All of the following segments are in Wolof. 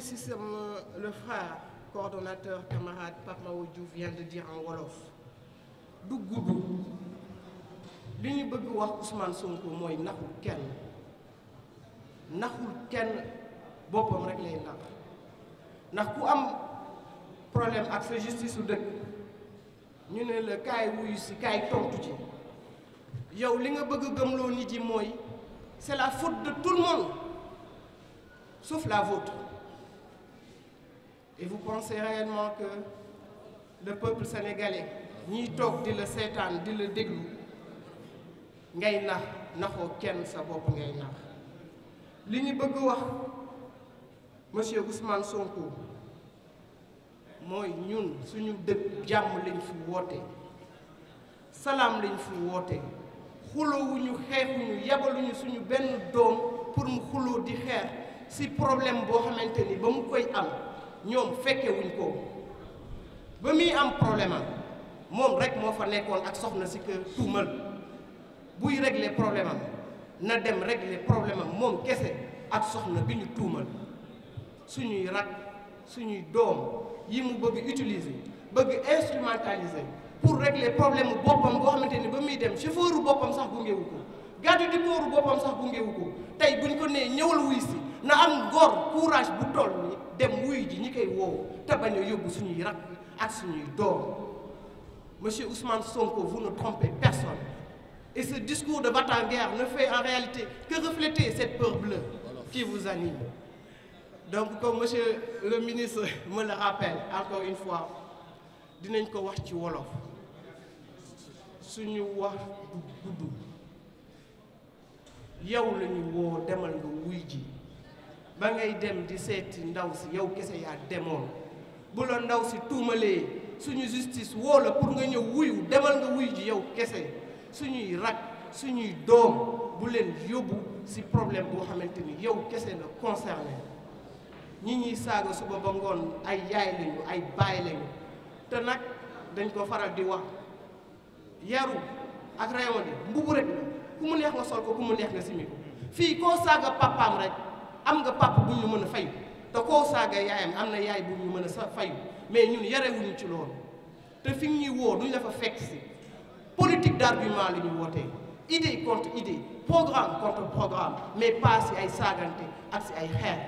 système, le frère coordonnateur camarade Pape Mawo Diouf de dire en wolof du gudd li ñu bëgg wax Ousmane Sonko mooy naxul kenn naxul kenn boppam rek lay nax ndax ku am problème ak sa justice su dëkk ñu ne la kaay wuyu si kaay tontu ci yow li nga bëgg gëmloo nit yi mooy c'est la faute de tout le monde sauf la vôtre et vous pensez réellement que le peuple sénégalais ñiy toog di la seetaan di la déglu ngay nax naxoo kenn sa bopp ngay nax li ñu bëgg wax mosieur Ousmane Sonko mooy ñun suñu dëkk jàmm lañ fi woote salaam lañ fi woote xulowuñu xeexuñu yabaluñu suñu benn doom pour mu xuloo di xeex si problème boo xamante ni ba mu koy am ñoom fekke wuñ ko ba muy am problème moom rek moo fa nekkoon ak soxna si kër tuumal buy régler problème am na dem régler problème am moom kese ak soxna bi ñu tuumal suñuy rak suñuy doom yi mu bëgg utiliser bëgg instrumentaliser pour régler problème mu boppam boo xamante ni ba muy dem chauffeuru boppam sax gungewu ko garde du corps boppam sax gungewu ko tey buñ ko nee ñëwal wuy si na am gor courage bu toll ni dem wuy ji ñi koy woow te yóbbu suñuy rakk ak suñuy doom monsieur Ousmane Sonko vous ne trompez personne et ce discours de va-t-en-guerre ne fait en réalité que refléter cette peur bleue qui vous anime donc comme monsieur le ministre me le rappelle encore une fois dinañ ko wax ci wolof suñu wax du gudd yow la ñu woo demal nga wuy ji ba ngay dem di seeti ndaw si yow kese yaa demoon bu la ndaw si tuumalee suñu justice woo la pour nga ñëw wuyu demal nga wuyu ji yow kese suñuy rak suñuy doom bu leen yóbbu si problème boo xamante ni yow kese la concerné ñi ñuy saaga suba ba ngoon ay yaay lañu ay baay lañu te nag dañ ko faral di wax yaru ak rayon bi mbubu rek la ku mu neex nga sol ko ku mu neex nga simi ko fii koo saaga papaam rek am nga papa bu ñu mën a fayu te koo saaga yaayam am na yaay bu ñu mën a sa fayu mais ñun yarewuñu ci loolu te fi ñuy woo duñ la fa fekk si politique d'argument la ñu wootee idée contre idée programme contre mais pas si ay saagante ak si ay xeer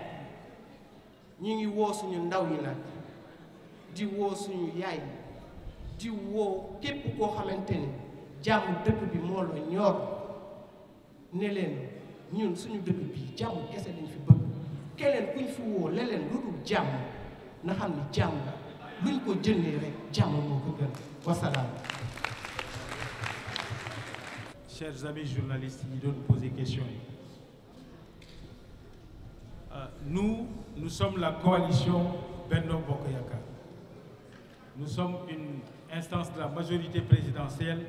ñu ngi woo suñu ndaw yi nag di suñu yaay di woo képp koo xamante ni jàmm dëkk bi moo la ñor ne leen ñun suñu dëkk bii jàmm kese lañ fi bëgg keneen kuñ fi woo leneen lu dul jàmm na xam ni jàmm luñ ko jëndee rek jàmm moo ko gën wasalaam. chers amis journalistes yi doon poser question yi euh, nous nous sommes la coalition Benno Bokk Yakaar nous sommes une instance de la majorité présidentielle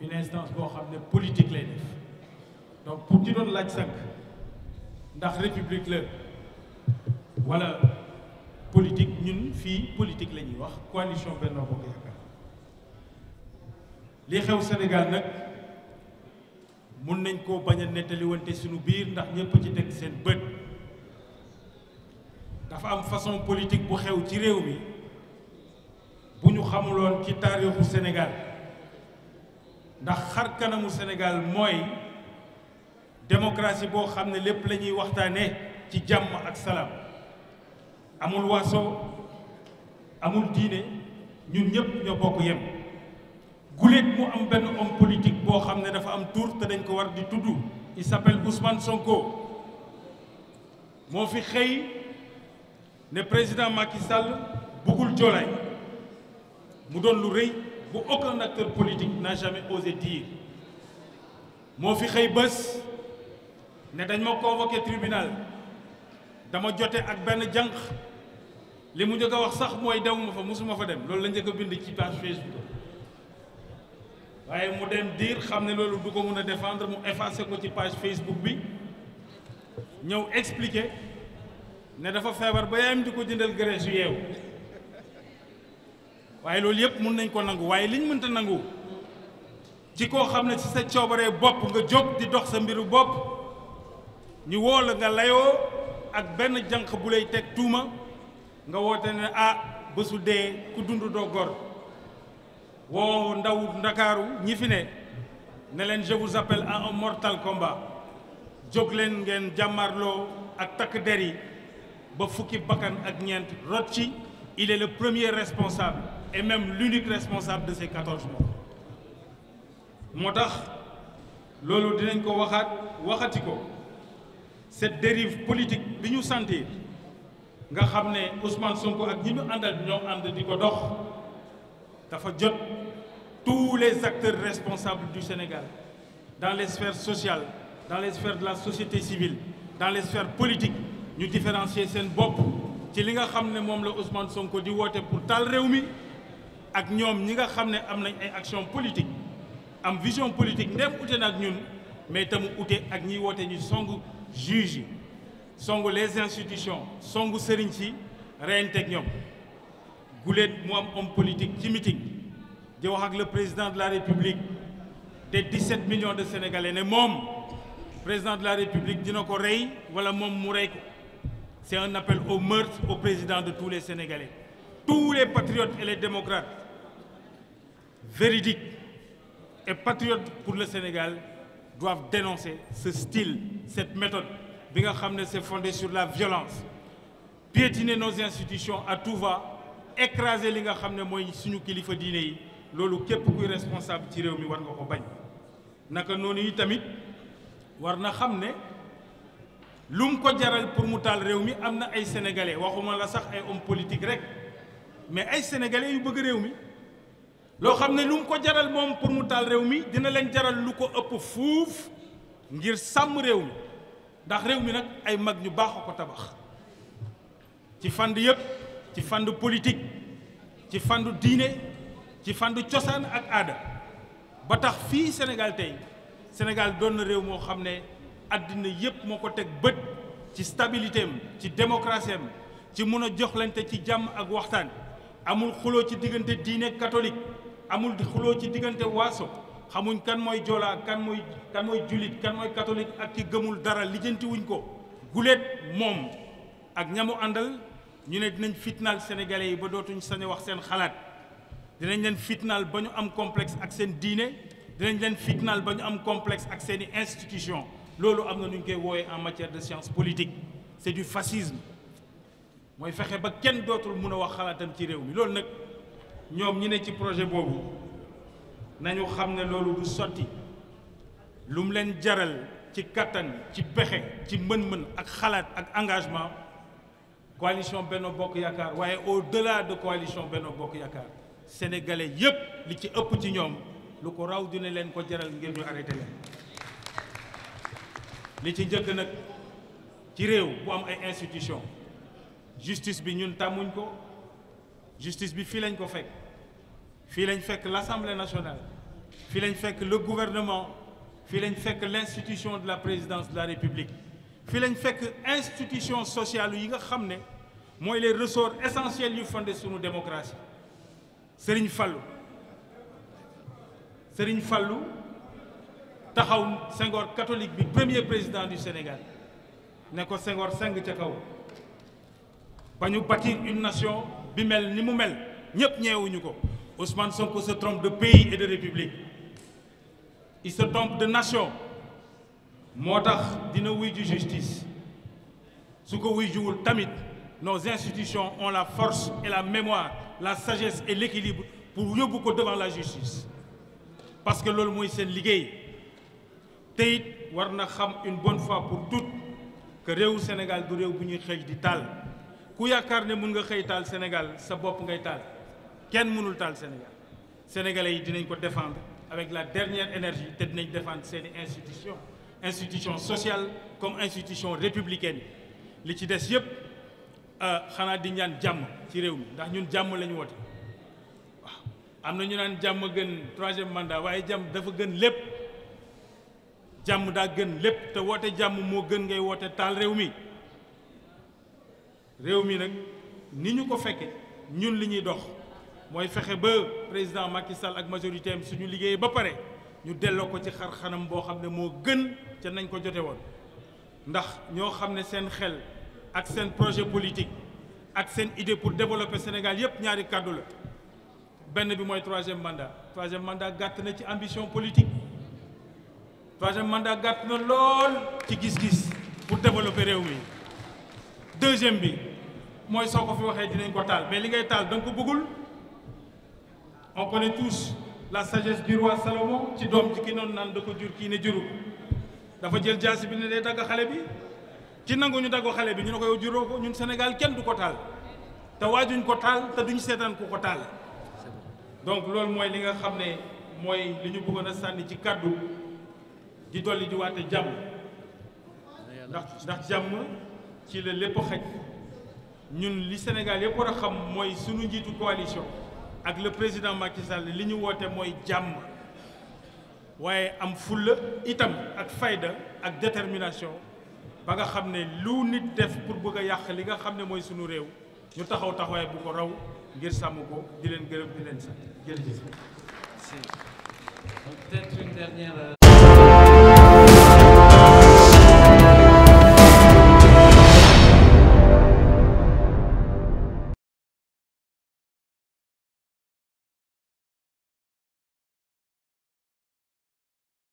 une instance boo xam ne politique lay donc pour ki doon laaj sànq ndax république la wala politique ñun fii politique la ñuy wax coalition Benno Bokk Yaakaar li xew Sénégal nag mun nañ koo bañ a nettaliwante suñu biir ndax ñépp ci teg seen bët dafa am façon politique bu xew ci réew mi bu ñu xamuloon ci taarixu Sénégal ndax xar kanamu Sénégal mooy démocratie boo xam ne lépp lañuy ñuy waxtaanee ci jàmm ak salaam amul waaso amul diine ñun ñëpp ñoo bokk yem guléet mu am benn homme politique boo xam ne dafa am tur te dañ ko war di tudd il s'appelle Ousmane Sonko moo fi xëy ne président Macky Sall bëggul joolaay mu doon lu rëy bu aucun acteur politique n'a jamais osé dire moo fi xëy bés ne dañu ma convoqué tribunal dama jote ak benn jànq li mu njëkk a wax sax mooy dewuma fa musuma fa dem loolu la njëkk a bind ci page Facebook waaye mu dem diir xam ne loolu du ko mun a défendre mu effacé ko ci page Facebook bi ñëw expliqué ne dafa feebar ba yaayam di ko jëndal graisse yu yeewu waaye loolu yëpp mun nañ ko nangu waaye liñ mënta nangu ci koo xam ne ci sa coobaree bopp nga jóg di dox sa mbiru bopp ñu woo la nga layoo ak benn jànq bu lay teg tuuma nga woote ne ah bésu dee ku dund doo gor woo ndaw ndakaaru ñi fi ne ne leen je vous un mortal komba jóg leen ngeen jàmmarloo ak takk der yi ba fukki bakkan ak ñeent rot ci il est premier responsable et même l'unique responsable de ces quatorze moo tax loolu dinañ ko waxaat waxati ko cette dérive politique bi ñu sentir nga xam ne Ousmane Sonko ak ñi ñu àndal ñoo ànd di ko dox dafa jot tous les acteurs responsables du Sénégal dans les sphères sociales dans les sphères de la société civile dans les sphères politiques ñu différencier seen bopp ci li nga xam ne moom la Ousmane Sonko di woote pour taal réew mi ak ñoom ñi nga xam ne am nañ ay action politiques am vision politique ndem ute na ak ñun mais tamu ute ak ñiy woote ñu song juges yi les institutions songu sëriñ si reyanteeg ñoom guléet mu am homme politique ci meeting di wax ak le président de la république des 17 millions de sénégalais ne moom président de la république dina ko rey wala moom mu rey ko c'est un appel au meurtre au président de tous les sénégalais tous les patriotes et les démocrates véridiques et patriotes pour le Sénégal doivent dénoncer ce style, cette méthode, bi nga xam ne c'est fondé sur la violence piétiner nos institutions à tout va écraser li nga xam ne mooy suñu kilifa diine yi loolu képp kuy responsable ci réew mi war nga ko bañ naka noonu yi tamit war na xam ne lu mu ko jaral pour mu taal réew mi am na ay sénégalais waxuma la sax ay hommes politiques rek mais ay sénégalais yu bëgg réew mi loo xam ne lu mu ko jaral moom pour mu taal réew mi dina leen jaral lu ko ëpp fuuf ngir sàmm réew mi ndax réew mi nag ay mag ñu baax ko tabax ci fànn yëpp ci fànn politik ci fànn diine ci fànn cosaan ak aada ba tax fii Sénégal tey Sénégal doon na réew moo xam ne àddina yëpp moo ko teg bët ci stabilité ci démocratie ci mën a joxlante ci jàmm ak waxtaan amul xuloo ci diggante diine katolik amul xuloo ci diggante waaso xamuñ kan mooy joolaa kan mooy mooy julit kan mooy katolik ak ci gëmul dara lijjanti wuñ ko guleet moom ak ñamu àndal ñu ne dinañ fitnaal sénégalais yi ba dootuñ sañ wax seen xalaat dinañ leen fitnaal ba ñu am complexe ak seen diine dinañ leen fitnaal ba ñu am complexe ak seen i institution loolu am na nu koy wooyee en matière de science politique c'est du fascisme mooy fexe ba kenn dootul mun a wax xalaatam ci réew mi loolu nag ñoom ñi ne ci projet boobu nañu xam ne loolu du sotti lu mu leen jaral ci kattan ci pexe ci mën-mën ak xalaat ak engagement coalition benn Bokk Yaakaar waaye de la de coalition benn Bokk Yaakaar sénégalais yépp li ci ëpp ci ñoom lu ko raw dina leen ko jaral ngir ñu arrêté leen li ci njëkk nag ci réew bu am ay institution justice bi ñun tàmmuñ ko justice bi fii lañ ko fekk fii lañ fekk l'Assemblée nationale fii lañ fekk le gouvernement fii lañ fekk l'institution de la présidence de la République fii lañ fekk institution sociale yi nga xam ne mooy les ressorts essentiels yu fondé sunu démocratie Serigne Fallou Serigne Fallou taxaw Senghor catholique bi premier président du Sénégal ne ko Senghor seng ca kaw ba ñu bâtir une nation bi mel ni mu mel ñëpp ñeewuñu ko Ousmane Sonko se trompe de pays et de république il se trompe de nation moo tax dina wuy ju justice su ko wuy juwul tamit nos institutions ont la force et la mémoire la sagesse et l'équilibre pour yóbbu ko devant la justice parce que loolu mooy seen liggéey te it war na xam une bonne fois pour toutes que réewu Sénégal du réew bu ñuy xëy di taal ku yaakaar ne mun nga xëy taal Sénégal sa bopp ngay taal kenn mënul taal Sénégal sénégalais yi dinañ ko défendre avec la dernière énergie te dinañ défendre seeni institution institution sociale comme institution républicaine li ci des yëpp euh, xanaa di ñaan jàmm ci réew mi ndax ñun jàmm lañu woote waaw am na ñu naan jàmm gën troisième mandat waaye jàmm dafa gën lépp jàmm daa gën lépp te woote jàmm moo gën ngay woote taal réew mi réew mii nag ni ñu ko fekke ñun li ñuy dox mooy fexe ba président Macky Sall ak majorité am suñu liggéey ba pare ñu delloo ko ci xar xanam boo xam ne moo gën ca nañ ko jote woon ndax ñoo xam ne seen xel ak seen projet politique ak seen idée pour développer Sénégal yépp ñaari kàddu la benn bi mooy troisième mandat troisième mandat gàtt na ci ambition politique troisième mandat gàtt na lool ci gis-gis pour développer réew mi deuxième bi mooy soo ko fi waxee dinañ ko taal mais li ngay taal da nga ko bëggul on la sagesse du waa Salomon ci doom ji ki noonu naan da ko jur kii ne juru dafa jël jaasi bi ne day dagg xale bi ci nangu ñu daggu xale bi ñu ne ko yow juróo ko ñun Sénégal kenn du ko taal te waajuñ ko taal te duñu seetaan ku ko taal donc loolu mooy li nga xam ne mooy li ñu bëggoon a sànni ci kàddu di dolli di waate jàmm ndax ndax jàmm ci la lépp xaj ñun li Sénégal yëpp war a xam mooy sunu njiitu coalition ak le président Macky Sall li ñu woote mooy jàmm waaye am fulla itam ak fayda ak détermination ba nga xam ne lu nit def pour bëgg a yàq li nga xam ne mooy sunu réew ñu taxaw taxawaay bu ko raw ngir sàmm ko di leen gërëm di leen sant jërëjëf. peut